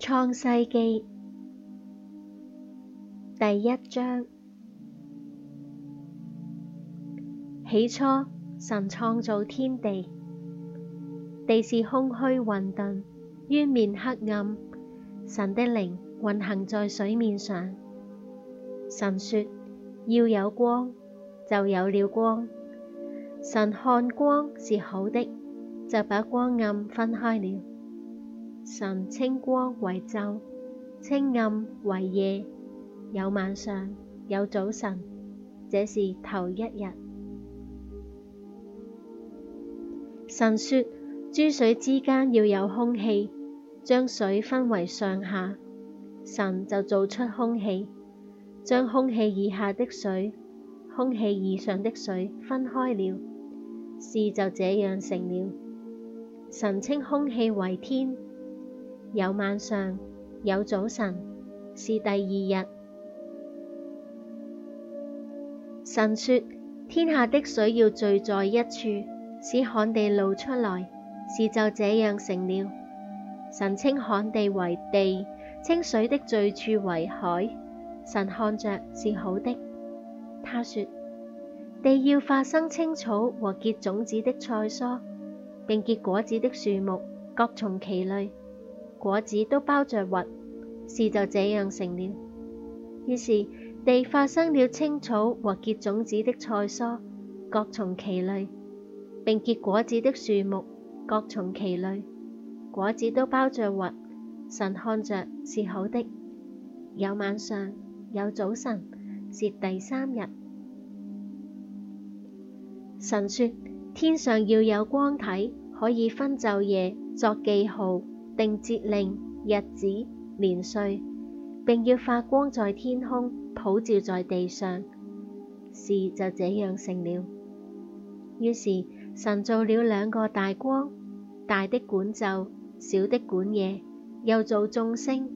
創世記第一章：起初，神創造天地，地是空虛混沌，淵面黑暗。神的靈運行在水面上。神說：要有光，就有了光。神看光是好的，就把光暗分開了。神稱光為晝，稱暗為夜，有晚上，有早晨，這是頭一日。神説：諸水之間要有空氣，將水分為上下。神就做出空氣，將空氣以下的水、空氣以上的水分開了，事就這樣成了。神稱空氣為天。有晚上，有早晨，是第二日。神説：天下的水要聚在一處，使旱地露出來。事就這樣成了。神稱旱地為地，稱水的聚處為海。神看着是好的。他説：地要發生青草和結種子的菜蔬，並結果子的樹木，各從其類。果子都包着核，事就這樣成了。於是地發生了青草和結種子的菜蔬，各從其類，並結果子的樹木，各從其類。果子都包着核，神看着，是好的。有晚上，有早晨，是第三日。神說：天上要有光體，可以分晝夜作記號。定節令、日子、年歲，並要發光在天空，普照在地上。事就這樣成了。於是神造了兩個大光，大的管晝，小的管夜，又造眾星，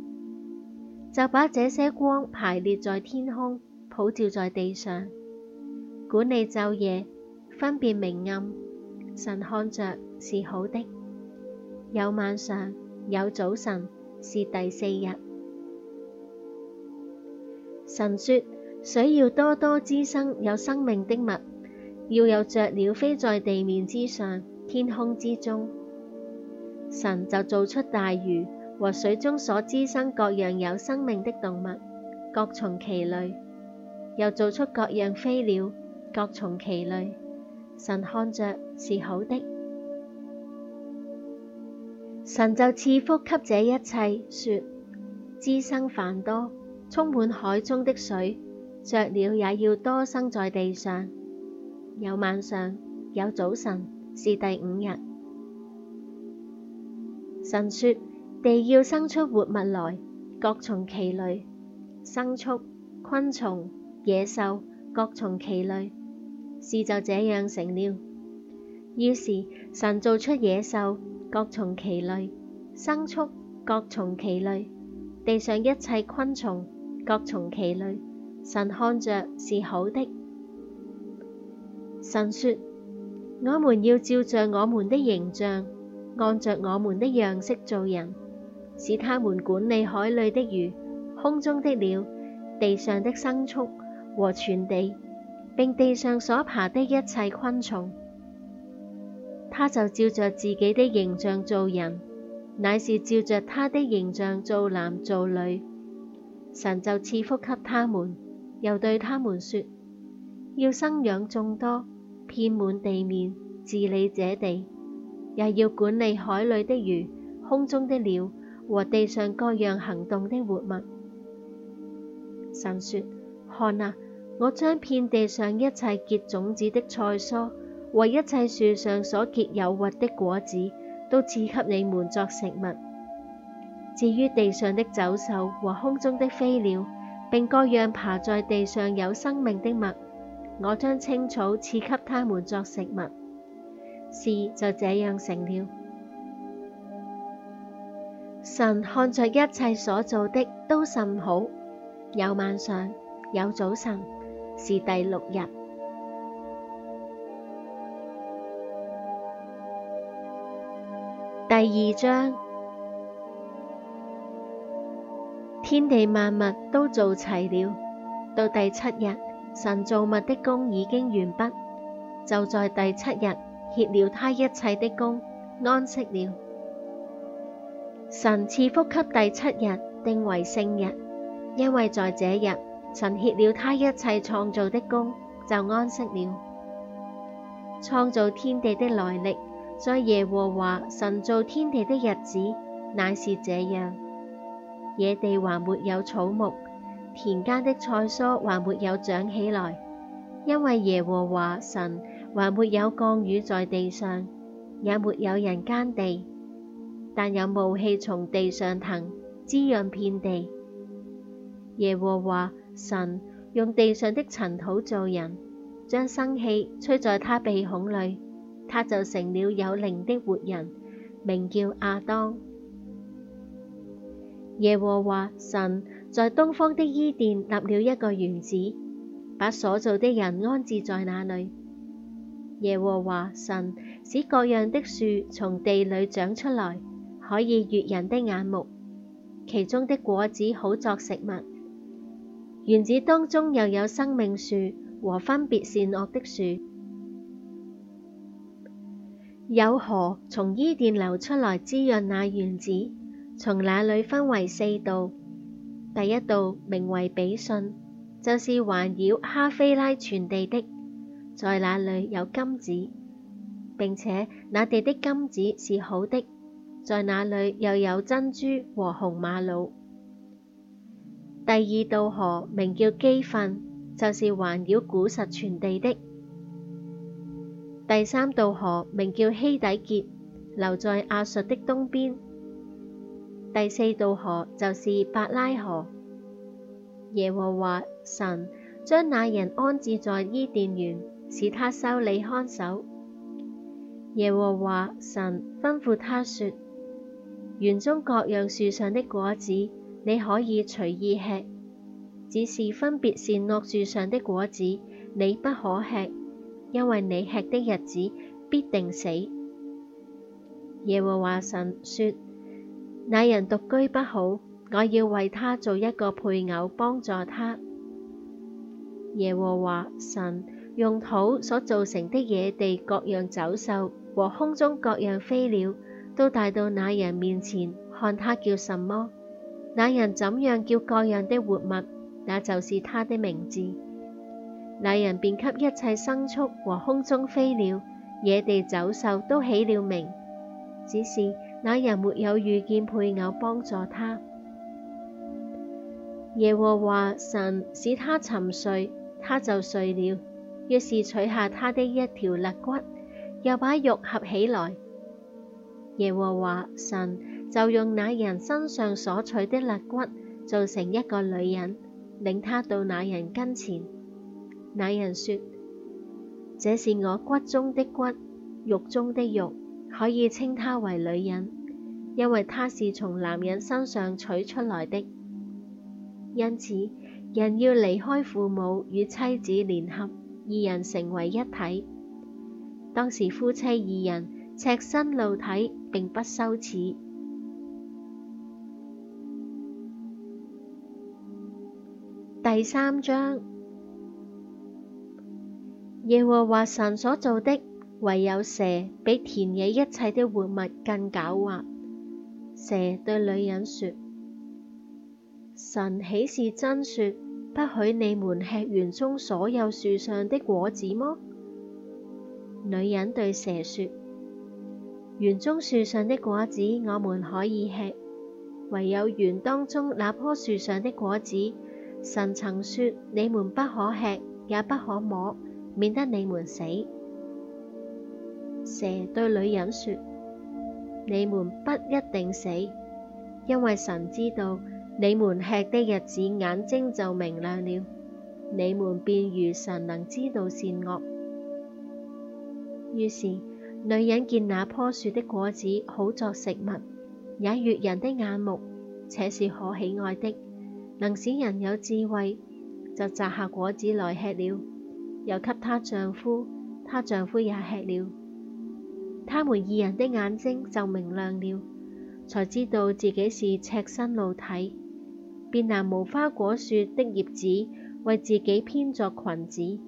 就把這些光排列在天空，普照在地上，管理晝夜，分別明暗。神看着是好的，有晚上。有早晨，是第四日。神說：水要多多滋生有生命的物，要有雀鳥飛在地面之上、天空之中。神就造出大魚和水中所滋生各樣有生命的動物，各從其類；又造出各樣飛鳥，各從其類。神看着是好的。神就賜福給這一切，說：滋生繁多，充滿海中的水，雀鳥也要多生在地上。有晚上，有早晨，是第五日。神說：地要生出活物來，各從其類，牲畜、昆蟲、野獸，各從其類。事就這樣成了。於是神造出野獸。各從其類，牲畜各從其類，地上一切昆蟲各從其類。神看著是好的。神說：我們要照着我們的形象，按着我們的樣式造人，使他們管理海裏的魚、空中的鳥、地上的牲畜和全地，並地上所爬的一切昆蟲。他就照着自己的形象做人，乃是照着他的形象做男做女。神就賜福給他們，又對他們說：要生養眾多，遍滿地面，治理這地，也要管理海裏的魚、空中的鳥和地上各樣行動的活物。神說：看啊，我將遍地上一切結種子的菜蔬。和一切樹上所結有核的果子，都賜給你們作食物。至於地上的走獸和空中的飛鳥，並各樣爬在地上有生命的物，我將青草賜給牠們作食物。事就這樣成了。神看著一切所做的都甚好，有晚上，有早晨，是第六日。第二章，天地萬物都造齊了。到第七日，神造物的工已經完畢，就在第七日歇了他一切的工，安息了。神賜福給第七日，定為聖日，因為在這日神歇了他一切創造的工，就安息了。創造天地的來歷。在耶和華神造天地的日子，乃是這樣：野地還沒有草木，田間的菜蔬還沒有長起來，因為耶和華神還沒有降雨在地上，也沒有人耕地。但有霧氣從地上騰，滋潤遍地。耶和華神用地上的塵土造人，將生氣吹在他鼻孔裏。他就成了有靈的活人，名叫亞當。耶和華神在東方的伊甸立了一個園子，把所造的人安置在那裏。耶和華神使各樣的樹從地裏長出來，可以悅人的眼目，其中的果子好作食物。園子當中又有生命樹和分別善惡的樹。有河從伊甸流出來滋潤那園子，從那裏分為四道。第一道名為比遜，就是環繞哈菲拉全地的，在那裏有金子，並且那地的金子是好的，在那裏又有珍珠和紅瑪瑙。第二道河名叫基訓，就是環繞古實全地的。第三道河名叫希底結，流在亞述的東邊。第四道河就是伯拉河。耶和華神將那人安置在伊甸園，使他修理看守。耶和華神吩咐他說：園中各樣樹上的果子，你可以隨意吃，只是分別善惡樹上的果子，你不可吃。因為你吃的日子必定死。耶和華神說：那人獨居不好，我要為他做一個配偶幫助他。耶和華神用土所造成的野地各樣走獸和空中各樣飛鳥，都帶到那人面前，看他叫什麼。那人怎樣叫各樣的活物，那就是他的名字。那人便給一切牲畜和空中飛鳥、野地走獸都起了名，只是那人沒有遇見配偶幫助他。耶和華神使他沉睡，他就睡了。於是取下他的一條肋骨，又把肉合起來。耶和華神就用那人身上所取的肋骨做成一個女人，領他到那人跟前。那人說：這是我骨中的骨，肉中的肉，可以稱她為女人，因為她是從男人身上取出來的。因此，人要離開父母與妻子聯合，二人成為一體。當時夫妻二人赤身露體，並不羞恥。第三章。耶和華神所做的唯有蛇，比田野一切的活物更狡猾。蛇對女人說：神豈是真說不許你們吃園中所有樹上的果子麼？女人對蛇說：園中樹上的果子我們可以吃，唯有園當中那棵樹上的果子，神曾說你們不可吃，也不可摸。免得你們死。蛇對女人説：你們不一定死，因為神知道你們吃的日子眼睛就明亮了，你們便如神能知道善惡。於是女人見那棵樹的果子好作食物，也悦人的眼目，且是可喜愛的，能使人有智慧，就摘下果子來吃了。又給她丈夫，她丈夫也吃了。他們二人的眼睛就明亮了，才知道自己是赤身露體，便拿無花果樹的葉子為自己編作裙子。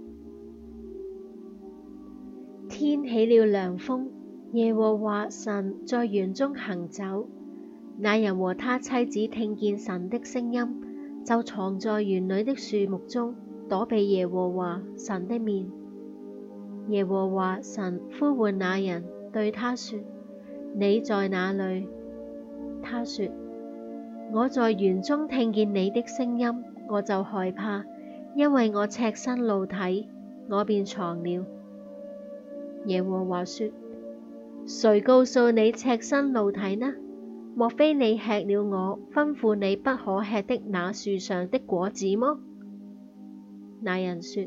天起了涼風，耶和華神在園中行走，那人和他妻子聽見神的聲音，就藏在園裏的樹木中。躲避耶和華神的面。耶和華神呼喚那人，對他說：你在哪裏？他說：我在園中聽見你的聲音，我就害怕，因為我赤身露體，我便藏了。耶和華說：誰告訴你赤身露體呢？莫非你吃了我吩咐你不可吃的那樹上的果子麼？那人說：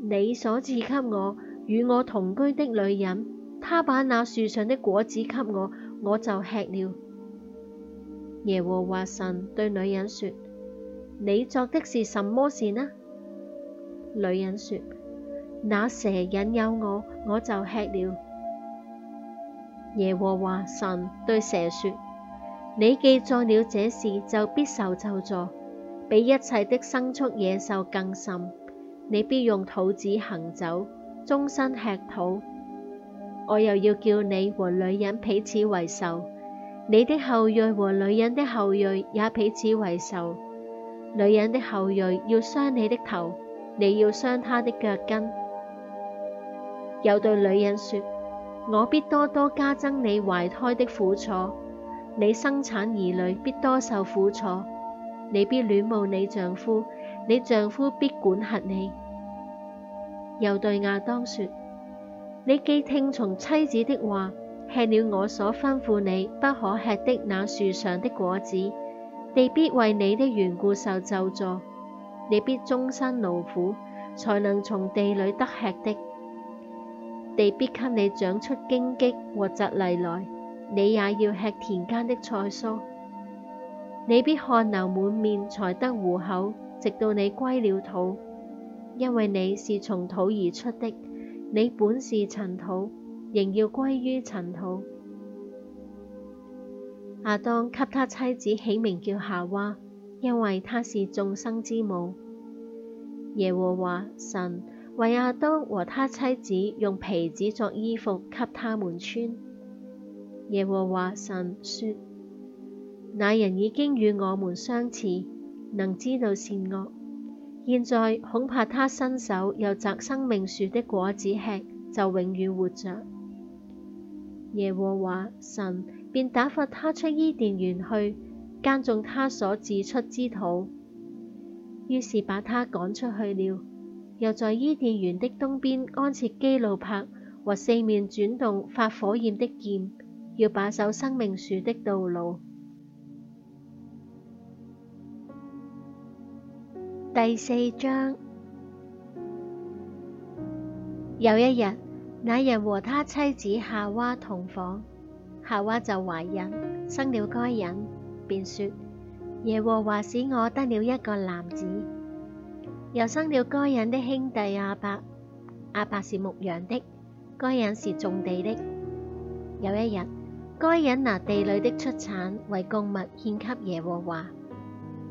你所賜給我與我同居的女人，她把那樹上的果子給我，我就吃了。耶和華神對女人說：你作的是什麼事呢？女人說：那蛇引誘我，我就吃了。耶和華神對蛇說：你既作了這事，就必受咒詛。」比一切的牲畜野獸更甚，你必用肚子行走，終身吃土。我又要叫你和女人彼此為仇，你的後裔和女人的後裔也彼此為仇。女人的後裔要傷你的頭，你要傷她的腳跟。又對女人說：我必多多加增你懷胎的苦楚，你生產兒女必多受苦楚。你必戀慕你丈夫，你丈夫必管轄你。又對亞當說：你既聽從妻子的話，吃了我所吩咐你不可吃的那樹上的果子，地必為你的緣故受咒詛，你必終身勞苦，才能從地裏得吃的。地必給你長出荊棘和蒺藜來，你也要吃田間的菜蔬。你必汗流滿面才得糊口，直到你歸了土，因為你是從土而出的，你本是塵土，仍要歸於塵土。亞當給他妻子起名叫夏娃，因為他是眾生之母。耶和華神為亞當和他妻子用皮子作衣服給他們穿。耶和華神說。那人已經與我們相似，能知道善惡。現在恐怕他伸手又摘生命樹的果子吃，就永遠活着。耶和華神便打發他出伊甸園去，耕種他所自出之土。於是把他趕出去了，又在伊甸園的東邊安設基路柏和四面轉動發火焰的劍，要把守生命樹的道路。第四章。有一日，那人和他妻子夏娃同房，夏娃就懷孕，生了該隱，便說：耶和華使我得了一個男子。又生了該隱的兄弟亞伯，亞伯是牧羊的，該隱是種地的。有一日，該隱拿地裏的出產為供物獻給耶和華。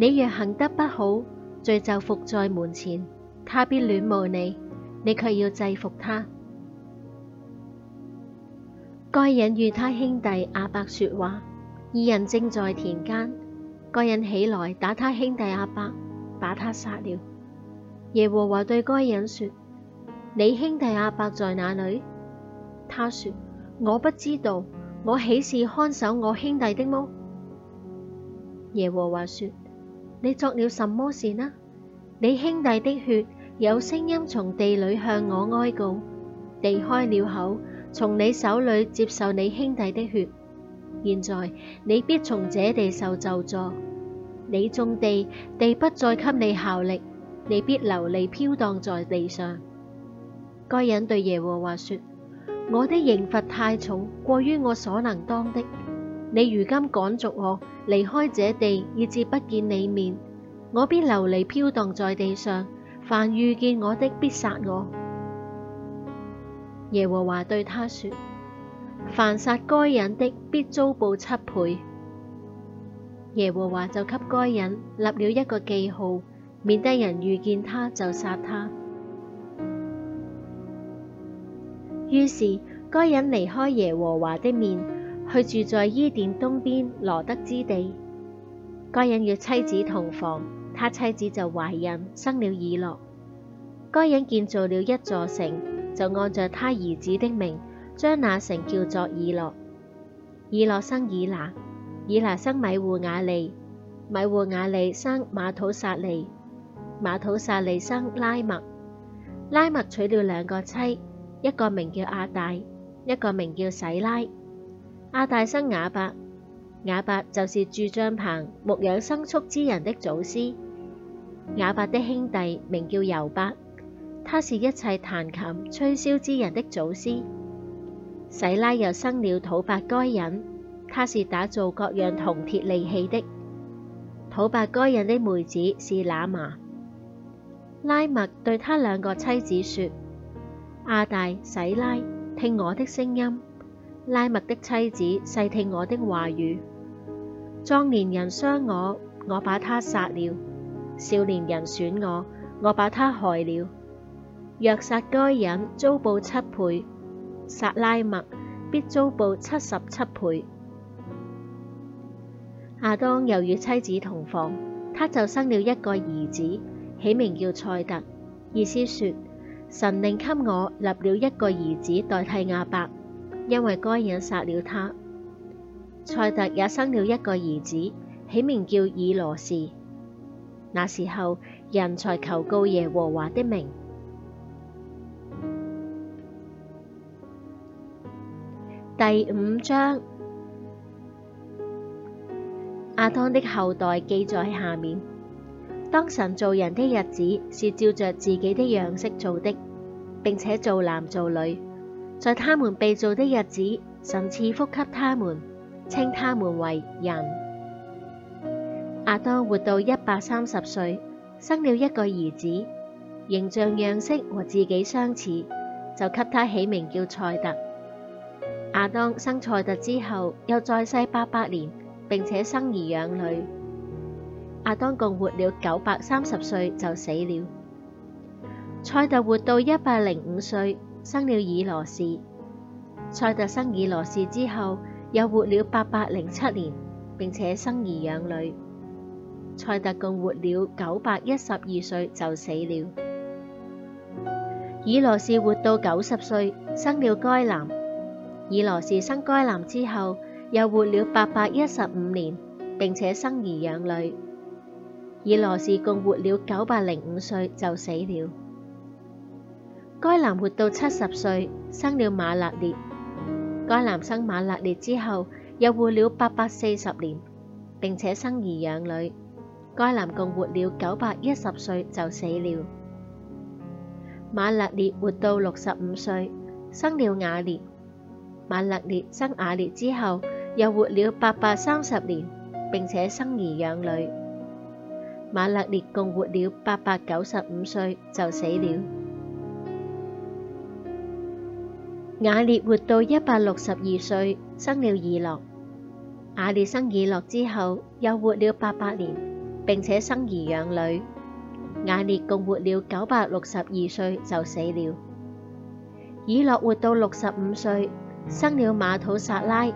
你若行得不好，罪就伏在門前，他必戀慕你，你卻要制服他。該隱與他兄弟阿伯說話，二人正在田間，該隱起來打他兄弟阿伯，把他殺了。耶和華對該隱說：你兄弟阿伯在哪裏？他說：我不知道，我豈是看守我兄弟的麼？耶和華說。你作了什麼事呢？你兄弟的血有聲音從地裏向我哀告，地開了口，從你手裏接受你兄弟的血。現在，你必從這地受咒詛。你種地，地不再給你效力，你必流離飄蕩在地上。該隱對耶和華說：我的刑罰太重，過於我所能當的。你如今趕逐我離開這地，以致不見你面，我必流離飄蕩在地上。凡遇見我的，必殺我。耶和華對他說：凡殺該隱的，必遭報七倍。耶和華就給該隱立了一個記號，免得人遇見他就殺他。於是該隱離開耶和華的面。去住在伊甸東邊挪得之地。該隱與妻子同房，他妻子就懷孕，生了以諾。該隱建造了一座城，就按著他兒子的名，將那城叫作以諾。以諾生以拿，以拿生米戶雅利，米戶雅利生馬土撒利，馬土撒利生拉麥。拉麥娶了兩個妻，一個名叫亞大，一個名叫洗拉。亞大生雅伯，雅伯就是住帳棚，牧養牲畜之人的祖師。雅伯的兄弟名叫尤伯，他是一切彈琴、吹簫之人的祖師。洗拉又生了土伯該人，他是打造各樣銅鐵利器的。土伯該人的妹子是拿瑪。拉麥對他兩個妻子說：亞大、洗拉，聽我的聲音。拉麥的妻子細聽我的話語，壯年人傷我，我把他殺了；少年人損我，我把他害了。若殺該人，遭報七倍；殺拉麥，必遭報七十七倍。亞當又與妻子同房，他就生了一個兒子，起名叫塞特，意思說，神另給我立了一個兒子代替亞伯。因為該隱殺了他，賽特也生了一個兒子，起名叫以羅士。那時候人才求告耶和華的名。第五章，亞當的後代記在下面。當神造人的日子是照着自己的樣式做的，並且造男造女。在他們被造的日子，神賜福給他們，稱他們為人。亞當活到一百三十歲，生了一個兒子，形象樣式和自己相似，就給他起名叫賽特。亞當生賽特之後，又在世八百年，並且生兒養女。亞當共活了九百三十歲就死了。賽特活到一百零五歲。生了以羅士。塞特生以羅士之後，又活了八百零七年，並且生兒養女。塞特共活了九百一十二歲就死了。以羅士活到九十歲，生了該南。以羅士生該南之後，又活了八百一十五年，並且生兒養女。以羅士共活了九百零五歲就死了。該南活到七十歲，生了馬勒列。該南生馬勒列之後，又活了八百四十年，並且生兒養女。該南共活了九百一十歲就死了。馬勒列活到六十五歲，生了雅列。馬勒列生雅列之後，又活了八百三十年，並且生兒養女。馬勒列共活了八百九十五歲就死了。雅列活到一百六十二歲，生了以諾。雅列生以諾之後，又活了八百年，並且生兒養女。雅列共活了九百六十二歲就死了。以諾活到六十五歲，生了馬土撒拉。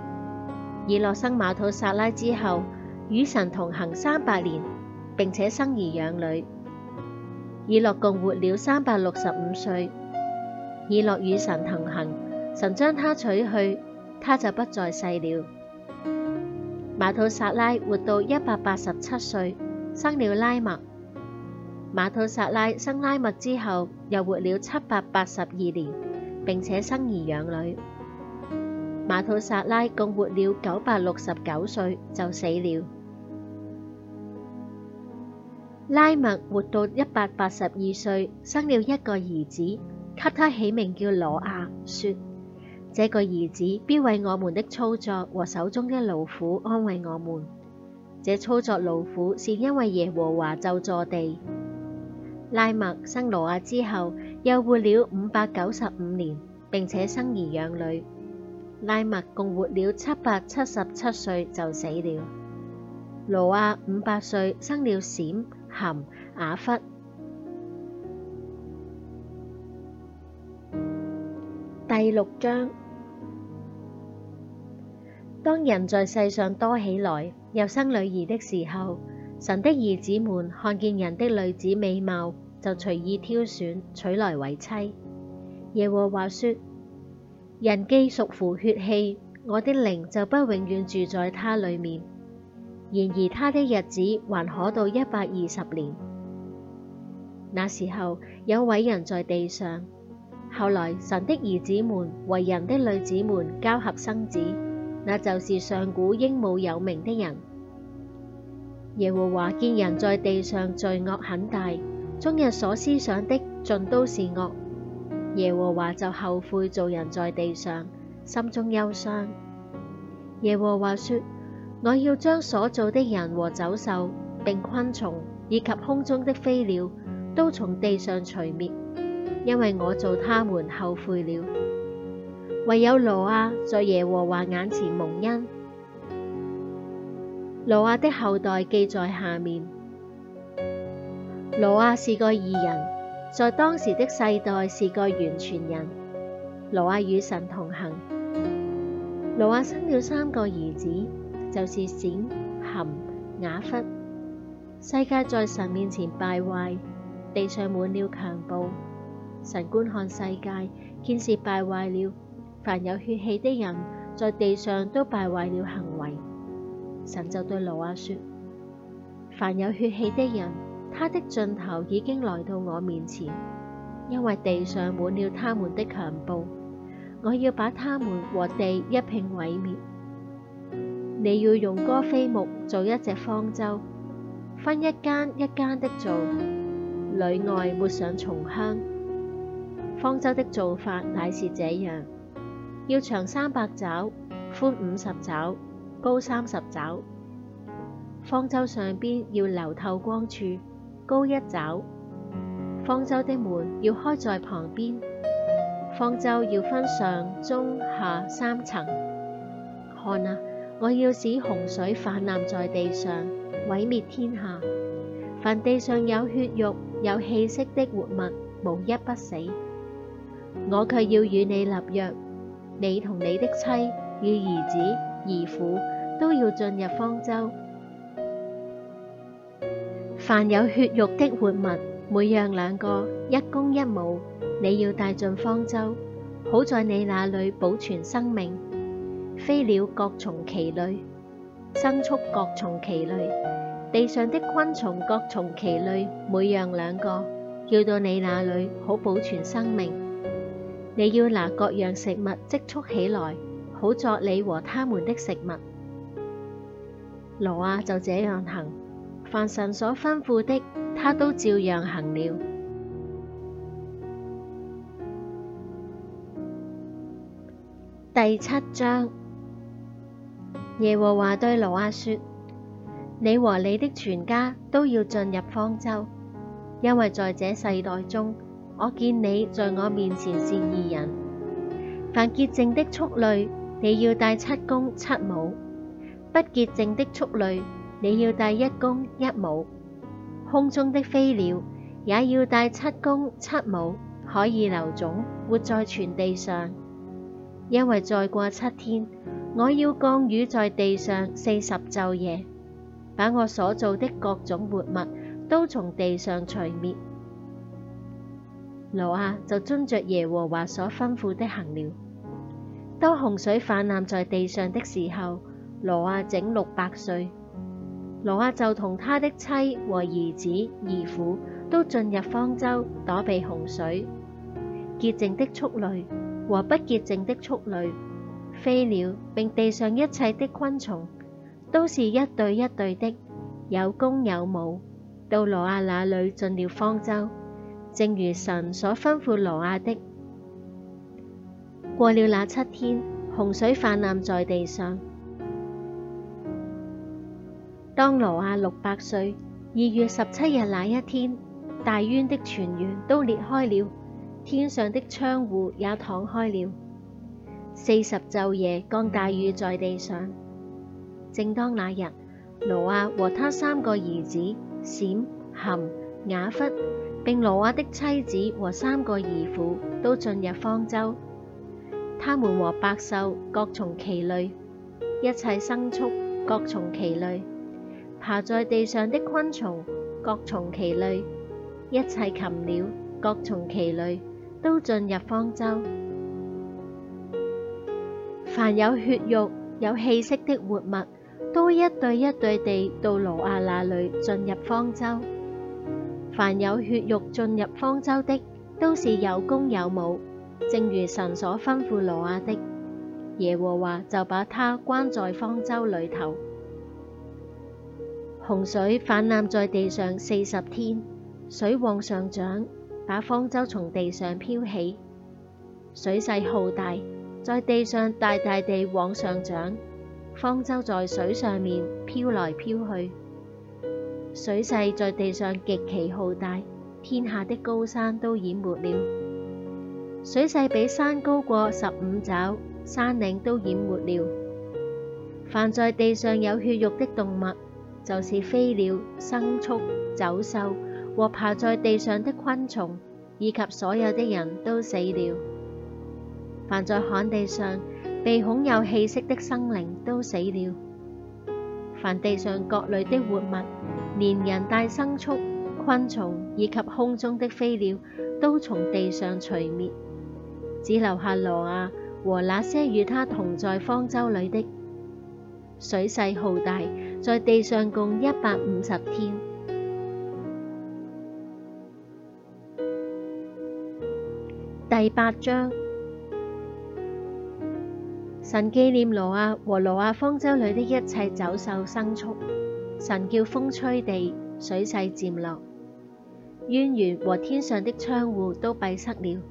以諾生馬土撒拉之後，與神同行三百年，並且生兒養女。以諾共活了三百六十五歲。以諾與神同行。神將他取去，他就不在世了。馬吐撒拉活到一百八十七歲，生了拉麥。馬吐撒拉生拉麥之後，又活了七百八十二年，並且生兒養女。馬吐撒拉共活了九百六十九歲就死了。拉麥活到一百八十二歲，生了一個兒子，給他起名叫羅亞，說。這個兒子必為我們的操作和手中的勞苦安慰我們。這操作勞苦，是因為耶和華就坐地。拉麥生羅亞之後，又活了五百九十五年，並且生兒養女。拉麥共活了七百七十七歲就死了。羅亞五百歲生了閃、含、雅弗。第六章，當人在世上多起來，又生女兒的時候，神的兒子們看見人的女子美貌，就隨意挑選，取來為妻。耶和華說：人既屬乎血氣，我的靈就不永遠住在他裏面。然而他的日子還可到一百二十年。那時候有偉人在地上。後來神的兒子們為人的女子們交合生子，那就是上古英武有名的人。耶和華見人在地上罪惡很大，終日所思想的盡都是惡，耶和華就後悔造人在地上，心中憂傷。耶和華說：我要將所造的人和走獸，並昆蟲以及空中的飛鳥，都從地上除滅。因為我做他們後悔了，唯有羅亞在耶和華眼前蒙恩。羅亞的後代記在下面。羅亞是個義人，在當時的世代是個完全人。羅亞與神同行。羅亞生了三個兒子，就是閃、含、雅弗。世界在神面前敗壞，地上滿了強暴。神觀看世界，見是敗壞了，凡有血氣的人在地上都敗壞了行為。神就對挪亞、啊、說：凡有血氣的人，他的盡頭已經來到我面前，因為地上滿了他們的強暴。我要把他們和地一併毀滅。你要用歌斐木做一隻方舟，分一間一間的造。裏外抹上松香。方舟的做法乃是這樣：要長三百肘，寬五十肘，高三十肘。方舟上邊要留透光處，高一肘。方舟的門要開在旁邊。方舟要分上、中、下三層。看啊！我要使洪水泛濫在地上，毀滅天下。凡地上有血肉、有氣息的活物，無一不死。我卻要與你立約，你同你的妻與兒子、兒婦都要進入方舟。凡有血肉的活物，每樣兩個，一公一母，你要帶進方舟，好在你那裏保存生命。飛鳥各從其類，牲畜各從其類，地上的昆蟲各從其類，每樣兩個，要到你那裏好保存生命。你要拿各樣食物積蓄起來，好作你和他們的食物。挪亞就這樣行，凡神所吩咐的，他都照樣行了。第七章，耶和華對挪亞說：你和你的全家都要進入方舟，因為在這世代中。我見你在我面前是義人，凡潔淨的畜類，你要帶七公七母；不潔淨的畜類，你要帶一公一母。空中的飛鳥也要帶七公七母，可以留種，活在全地上。因為再過七天，我要降雨在地上四十晝夜，把我所造的各種活物都從地上除滅。挪亞就遵着耶和華所吩咐的行了。當洪水泛濫在地上的時候，挪亞整六百歲。挪亞就同他的妻和兒子兒婦都進入方舟躲避洪水。潔淨的畜類和不潔淨的畜類，飛鳥並地上一切的昆蟲，都是一對一對的，有公有母，到挪亞那裏進了方舟。正如神所吩咐挪亞的，過了那七天，洪水泛濫在地上。當挪亞六百歲二月十七日那一天，大淵的泉源都裂開了，天上的窗戶也敞開了。四十晝夜降大雨在地上。正當那日，挪亞和他三個兒子閃、含、雅弗。並挪亞的妻子和三個兒婦都進入方舟。他們和百獸各從其類，一切牲畜各從其類，爬在地上的昆蟲各從其類，一切禽鳥各從其類，都進入方舟。凡有血肉、有氣息的活物，都一對一對地到挪亞那裏進入方舟。凡有血肉進入方舟的，都是有公有母，正如神所吩咐挪亞的。耶和華就把他關在方舟裏頭。洪水泛濫在地上四十天，水往上漲，把方舟從地上漂起。水勢浩大，在地上大大地往上漲，方舟在水上面漂來漂去。水勢在地上極其浩大，天下的高山都淹沒了。水勢比山高過十五肘，山嶺都淹沒了。凡在地上有血肉的動物，就是飛鳥、牲畜、走獸和爬在地上的昆蟲，以及所有的人都死了。凡在旱地上鼻孔有氣息的生靈都死了。凡地上各類的活物。連人帶牲畜、昆蟲以及空中的飛鳥都從地上除滅，只留下挪亞和那些與他同在方舟裏的。水勢浩大，在地上共一百五十天。第八章，神紀念挪亞和挪亞方舟裏的一切走獸、牲畜。神叫風吹地，水勢漸落，淵源和天上的窗戶都閉塞了，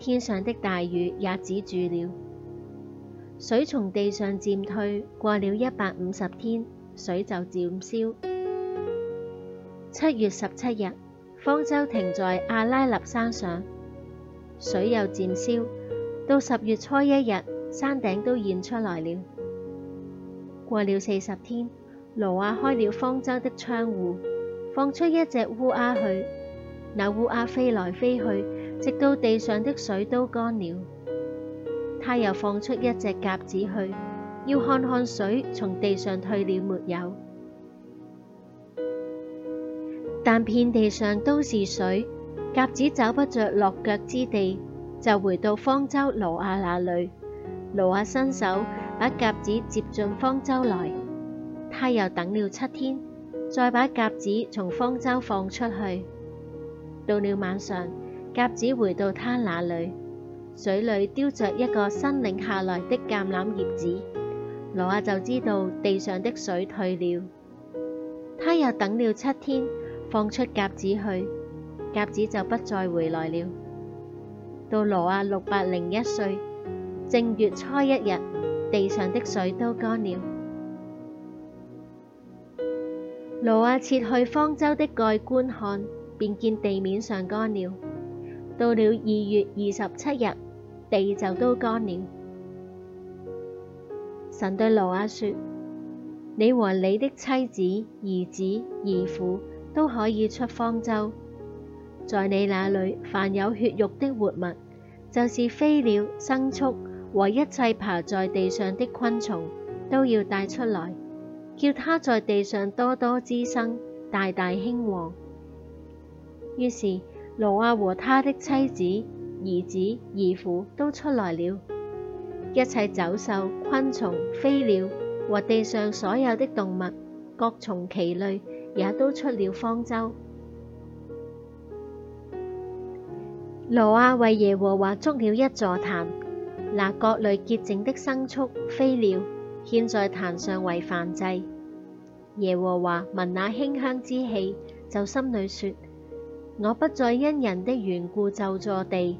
天上的大雨也止住了。水從地上漸退，過了一百五十天，水就漸消。七月十七日，方舟停在亞拉臘山上，水又漸消，到十月初一日，山頂都現出來了。過了四十天。挪亞開了方舟的窗戶，放出一隻烏鴉去。那烏鴉飛來飛去，直到地上的水都乾了。他又放出一隻鴿子去，要看看水從地上退了沒有。但遍地上都是水，鴿子找不着落腳之地，就回到方舟挪亞那裏。挪亞伸手把鴿子接進方舟來。他又等了七天，再把鴿子從方舟放出去。到了晚上，鴿子回到他那裏，嘴裏叼着一個新領下來的橄欖葉子。羅亞就知道地上的水退了。他又等了七天，放出鴿子去，鴿子就不再回來了。到羅亞六百零一歲，正月初一日，地上的水都乾了。挪亞撤去方舟的蓋觀看，便見地面上乾了。到了二月二十七日，地就都乾了。神對挪亞說：你和你的妻子、兒子、兒婦都可以出方舟，在你那裏凡有血肉的活物，就是飛鳥、牲畜和一切爬在地上的昆蟲，都要帶出來。叫他在地上多多滋生，大大興旺。於是羅亞和他的妻子、兒子、兒婦都出來了，一切走獸、昆蟲、飛鳥和地上所有的動物，各從其類，也都出了方舟。羅亞為耶和華築了一座壇，拿各類潔淨的牲畜、飛鳥獻在壇上為燔祭。耶和華聞那馨香之氣，就心裏說：我不再因人的緣故就坐地，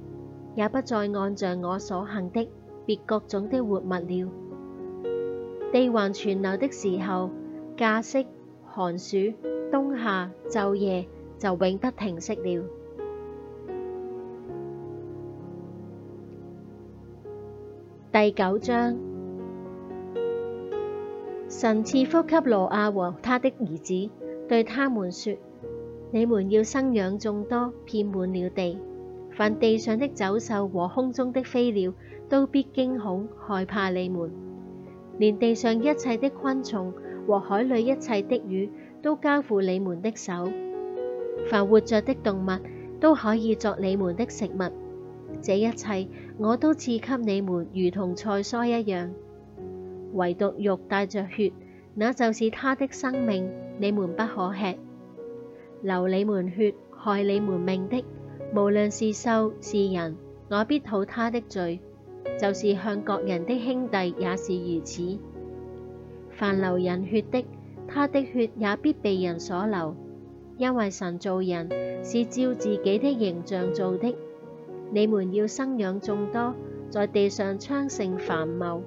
也不再按著我所行的別各種的活物了。地還存留的時候，稼穡、寒暑、冬夏、晝夜就永不停息了。第九章。神賜福給羅亞和他的兒子，對他們說：你們要生養眾多，遍滿了地；凡地上的走獸和空中的飛鳥，都必驚恐害怕你們；連地上一切的昆蟲和海裏一切的魚，都交付你們的手；凡活着的動物都可以作你們的食物。這一切我都賜給你們，如同菜蔬一樣。唯獨肉帶着血，那就是他的生命，你們不可吃，流你們血害你們命的，無論是獸是人，我必討他的罪。就是向各人的兄弟也是如此。凡流人血的，他的血也必被人所流，因為神造人是照自己的形象造的。你們要生養眾多，在地上昌盛繁茂。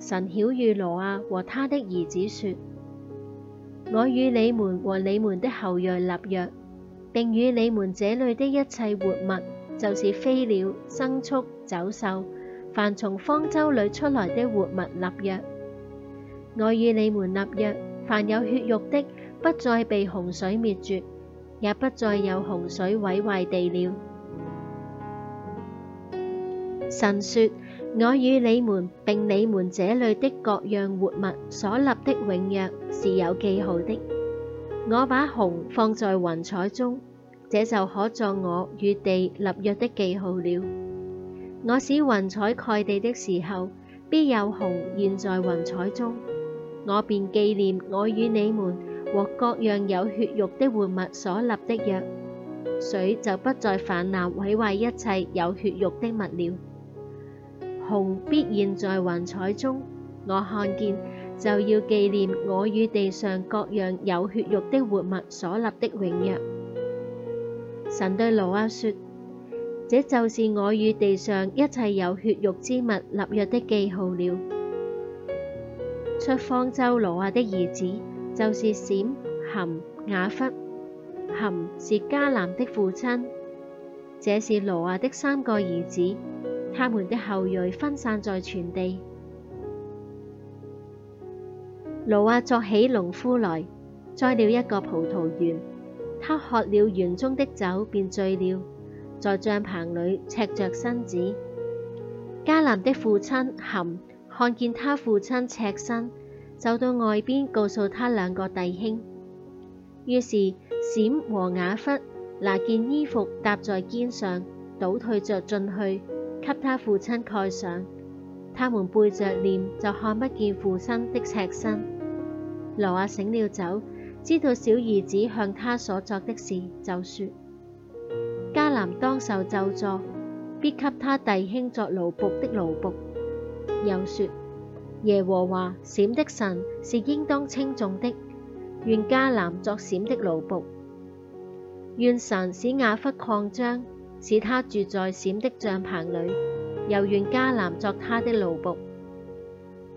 神曉諭羅亞和他的兒子說：我與你們和你們的後裔立約，並與你們這裡的一切活物，就是飛鳥、牲畜、走獸，凡從方舟裡出來的活物立約。我與你們立約，凡有血肉的，不再被洪水滅絕，也不再有洪水毀壞地了。神說：我與你們並你們這裏的各樣活物所立的永約是有記號的。我把虹放在雲彩中，這就可作我與地立約的記號了。我使雲彩蓋地的時候，必有虹現在雲彩中，我便紀念我與你們和各樣有血肉的活物所立的約。水就不再氾濫毀壞一切有血肉的物了。虹必現在雲彩中，我看見就要紀念我與地上各樣有血肉的活物所立的永約。神對挪亞說：這就是我與地上一切有血肉之物立約的記號了。出方舟，挪亞的兒子就是閃、含、雅弗。含是迦南的父親。這是挪亞的三個兒子。他們的後裔分散在全地。挪亞作起農夫來，栽了一個葡萄園。他喝了園中的酒，便醉了，在帳棚裏赤着身子。迦南的父親含看見他父親赤身，走到外邊，告訴他兩個弟兄。於是閃和雅弗拿件衣服搭在肩上，倒退着進去。給他父親蓋上，他們背着臉就看不見父親的赤身。羅亞醒了酒，知道小兒子向他所作的事，就說：迦南當受咒坐，必給他弟兄作奴僕的奴僕。又說：耶和華閃的神是應當稱頌的，願迦南作閃的奴僕，願神使雅弗擴張。使他住在閃的帳棚裏，又願迦南作他的奴僕。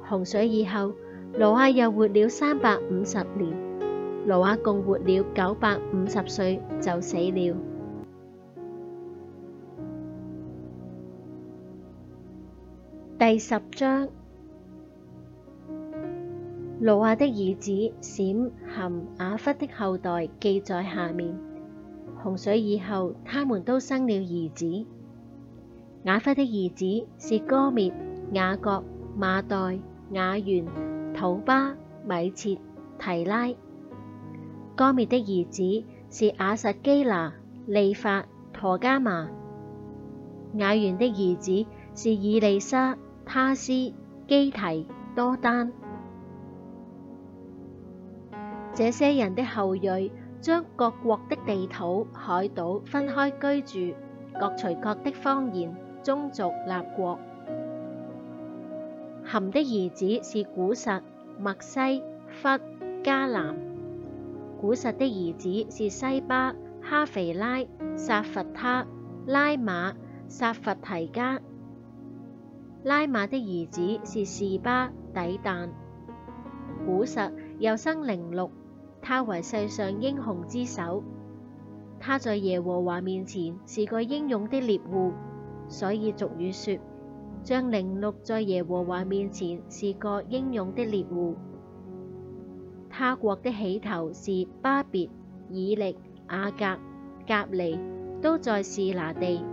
洪水以後，挪亞又活了三百五十年，挪亞共活了九百五十歲就死了。第十章，挪亞的兒子閃含雅弗的後代記在下面。洪水以後，他們都生了兒子。雅弗的兒子是歌篾、瑪各、瑪代、雅完、土巴、米設、提拉。歌篾的兒子是亞實基拿、利法、陀迦瑪。雅完的兒子是以利沙、他施、基提、多單。這些人的後裔。將各國的地土、海島分開居住，各隨各的方言、宗族立國。含的兒子是古實、麥西、弗、迦南。古實的兒子是西巴、哈肥拉、薩佛他、拉馬、薩佛提加。拉馬的兒子是士巴、底但。古實又生零六。他為世上英雄之首，他在耶和華面前是個英勇的獵戶，所以俗語說：將寧錄在耶和華面前是個英勇的獵戶。他國的起頭是巴別、以力、亞甲、甲尼，都在示拿地。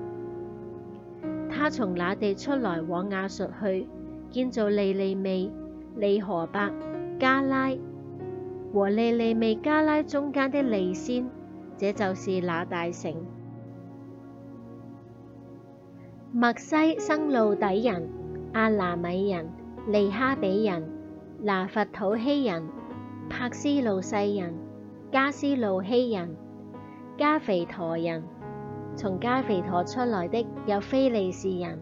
他從那地出來往亞述去，建造尼尼微、利河伯、迦拉。和尼尼微加拉中間的利先，這就是那大城。麥西生路底人、阿拿米人、利哈比人、拿佛土希人、帕斯路世人、加斯路希人、加肥陀人，從加肥陀出來的有非利士人。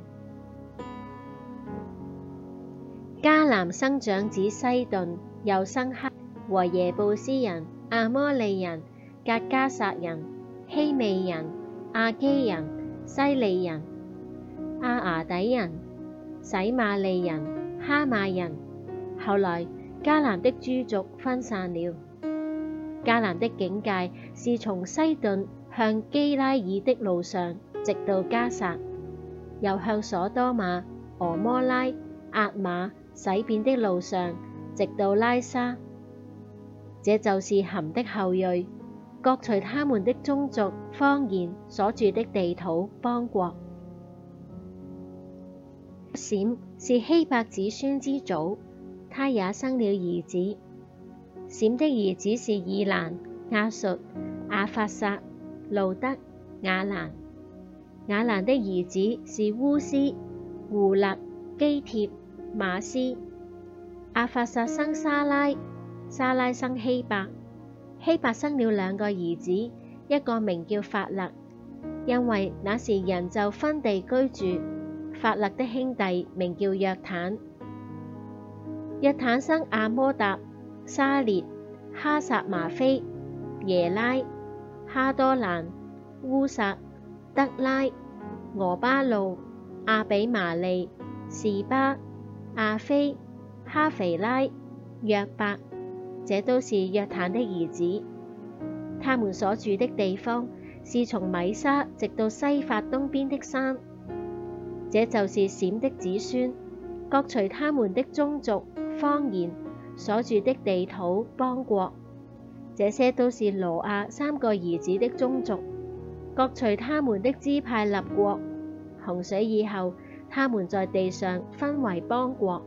迦南生長子西頓，又生哈。和耶布斯人、阿摩利人、格加撒人、希美人、阿基人、西利人、阿牙底人、洗馬利人、哈馬人。後來迦南的諸族分散了。迦南的境界是從西頓向基拉爾的路上，直到加撒；又向所多瑪、俄摩拉、阿瑪洗扁的路上，直到拉沙。這就是含的後裔，各隨他們的宗族、方言、所住的地土、邦國。閃是希伯子孫之祖，他也生了兒子。閃的兒子是以蘭、亞述、亞法撒、路德、亞蘭。亞蘭的兒子是烏斯、胡勒、基帖、馬斯。亞法撒生沙拉。沙拉生希伯，希伯生了兩個兒子，一個名叫法勒，因為那時人就分地居住。法勒的兄弟名叫約坦，約坦生阿摩達、沙列、哈薩麻菲，耶拉、哈多蘭、烏薩、德拉、俄巴路、阿比麻利、士巴、阿菲，哈肥拉、約伯。這都是約坦的兒子，他們所住的地方，是從米沙直到西法東邊的山。這就是閃的子孫，各隨他們的宗族、方言，所住的地土、邦國。這些都是羅亞三個兒子的宗族，各隨他們的支派立國。洪水以後，他們在地上分為邦國。